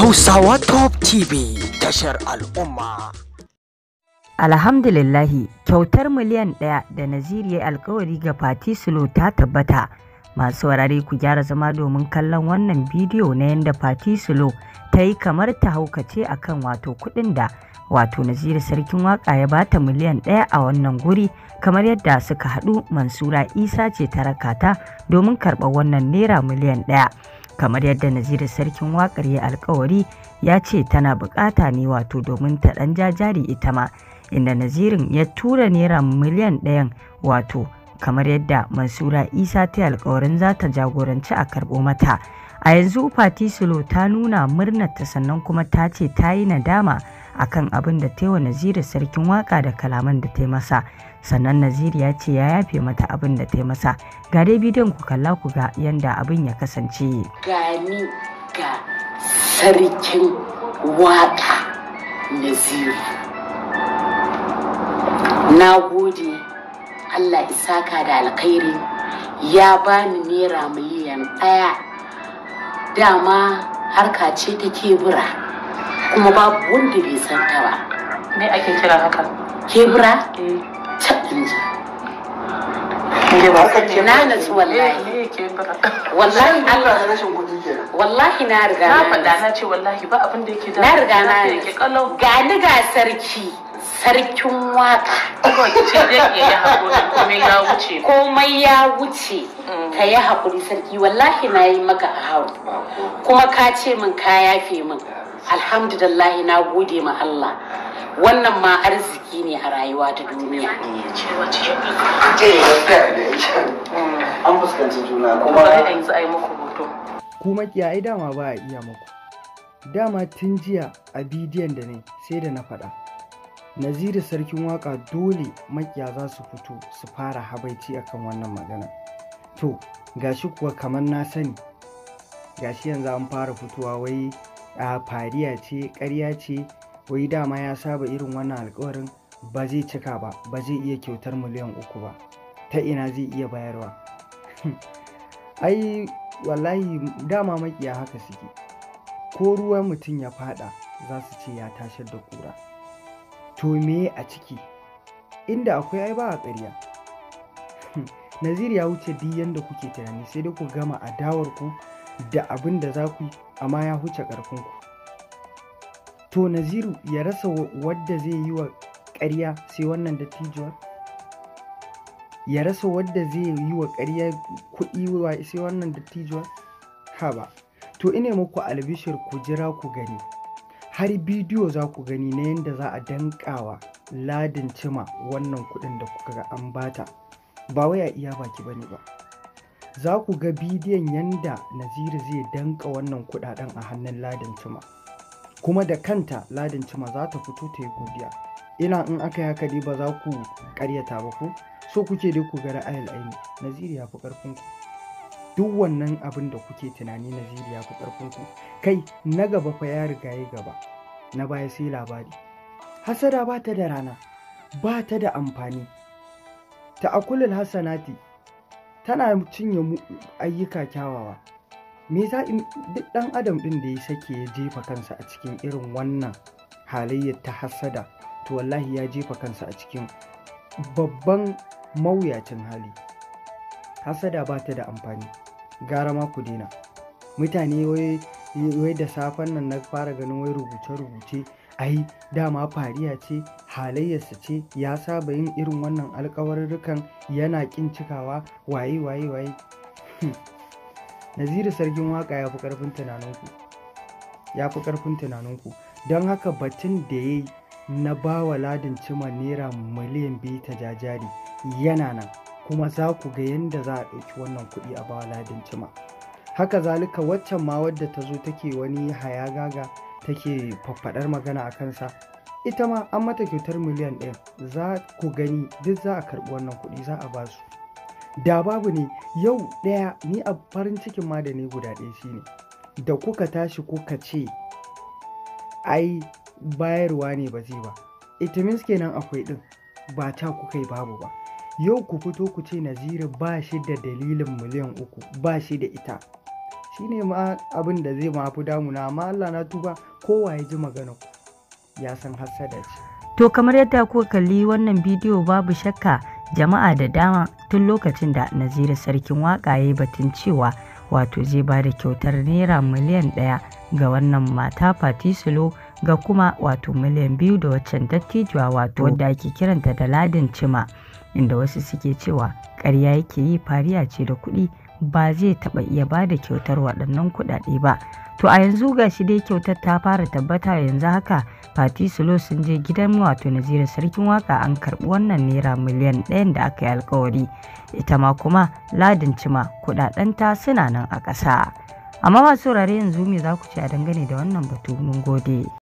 Hausawa Top TV tashar al'umma. Alhamdulillahi kyautar miliyan ɗaya da Naziri alkawari ga Fati Sulo ta tabbata. Masu warare ku gyara zama domin kallon wannan bidiyo na yadda Fati Sulo ta yi kamar ta haukace a kan wato kuɗin da wato Naziri sarkin waka ya bata miliyan ɗaya a wannan guri kamar yadda suka haɗu Mansura Isa ce ta rakata domin karɓar wannan naira miliyan ɗaya. kamar yadda naziru sarkin wakar ya alkawari ya ce tana bukata ne wato domin ta dan jajari ita ma inda nazirin ya tura naira miliyan ɗayan wato kamar yadda mansura isa ta alkawarin za ta jagoranci a karɓo mata a yanzu fati sulo ta nuna ta sannan kuma ta ce ta yi nadama akan abin da ta yi wa naziru sarkin waka da kalaman da ta yi masa sannan naziri ya ce ya yafe mata abin da ta yi masa ga dai bidiyon ku kalla ku ga yanda abin ya kasance gani ga sarkin waka Naziri na gode allah isaka da alkhairi ya bani naira miliyan ɗaya dama harka ce ta kebura kuma babu wanda bai san ba me ake kira haka kebura eh. na natsu wallahi eh, wallahi na riga na faɗa na ce wallahi ba abin da yake da na riga na yake kalau gani ga sarki sarkin waka komai ya wuce mm. ka yi haƙuri sarki wallahi na yi maka hau kuma ka ce min ka yafe min alhamdulillah na gode ma Allah wannan ma arziki ne a rayuwa ta duniya eh, kuma ku dama ba a iya muku dama tun jiya a bidiyon da ne sai da na faɗa naziru sarkin waka dole makiya za su fito su fara habaici akan wannan magana to gashi kuwa kamar na sani gashi yanzu an fara fitowa wai a fariya ce ƙarya ce wai dama ya saba irin wannan alkawarin ba zai cika ba ba zai iya kyautar miliyan uku ba ta ina zai iya bayarwa ai wallahi dama makiya haka suke ko ruwan mutum ya fada za su ce ya tashar da kura to me a ciki inda akwai ai ba a ƙarya nazir ya wuce duk yadda kuke tunani sai dai ku gama adawarku da abin da za ku yi amma ya huce ƙarfinku to naziru ya rasa wadda zai yi wa ƙarya sai wannan dattijuwar ya rasa wadda zai yi wa ƙarya kuɗi sai wannan dattijuwar ha ba to ina muku albishir ku jira ku gani har bidiyo za ku gani na yadda za a dankawa ladin cima wannan kuɗin da kuka ga an bata ba waya iya baki bane ba za ku ga bidiyon yanda naziru zai danka wannan kuɗaɗen a hannun ladin cima kuma da kanta ladin cima za ta fito ta yi godiya Ina in aka yi haka dai ba za ku karyata ba ku so kuke dai ku ga ra'ayin aini naziri ya fi karfin duk wannan abin da kuke tunani naziri ya fi karfin kai na gaba fa ya riga ya gaba na baya sai labari hasada ba ta da rana ba ta da amfani ta akulul hasanati tana cinye ayyuka kyawawa me za duk dan adam ɗin da ya sake ya jefa kansa a cikin irin wannan halayyar ta hasada? to wallahi ya jefa kansa a cikin babban mawuyacin hali Hasada ba ta da amfani gara ma ku daina mutane wai da safen nan na fara ganin wai rubuce-rubuce ai dama fariya ce halayyarsa ce ya saba yin irin wannan alkawarurrukan yana kin cikawa waye waye waye hmm. naziru sarkin waka ya fi karfin tunaninku ya fi karfin tunaninku don haka batun da ya yi na bawa ladin cima naira miliyan biyu ta jajari yana nan kuma za ku ga yadda za a ɗauki wannan kuɗi a bawa ladin cima haka zalika waccan ma wadda ta zo take wani hayagaga take faffaɗar magana a kansa ita ma an mata kyautar miliyan ɗaya za ku gani duk za a karɓi wannan kuɗi za a ba su da babu ne yau ɗaya ni a farin cikin ma da ne guda ɗaya shine da kuka tashi kuka ce ai bayarwa ne ba zai ba itamins kenan akwai ɗin ba ta kuka yi babu ba yau ku fito ku ce naziri ba shi da dalilin miliyan uku ba shi da ita Shi ne ma abin da zai ma fi damuna amma Allah na tuba kowa ya ji magana ku ya san hassada ce to kamar yadda kuka kalli wannan bidiyo babu shakka jama'a da dama tun lokacin da naziru sarkin waka ya yi batun cewa wato zai ba da kyautar naira miliyan ɗaya ga wannan mata fatisulo ga kuma wato miliyan biyu da waccan dattijuwa wato wadda ake kiranta da ladin cima inda wasu suke cewa karya yake yi fariya ce da kuɗi ba zai taɓa iya ba da kyautar waɗannan kuɗaɗe ba to a yanzu ga shi dai kyautar ta fara tabbata yanzu haka fati sulo sun je gidan wato najeriya sarkin waka an karɓi wannan naira miliyan ɗayan da aka yi alkawari ita ma kuma ladin cima kuɗaɗen ta suna nan a ƙasa amma masu saurare yanzu me za ku ce a dangane da wannan batu mun gode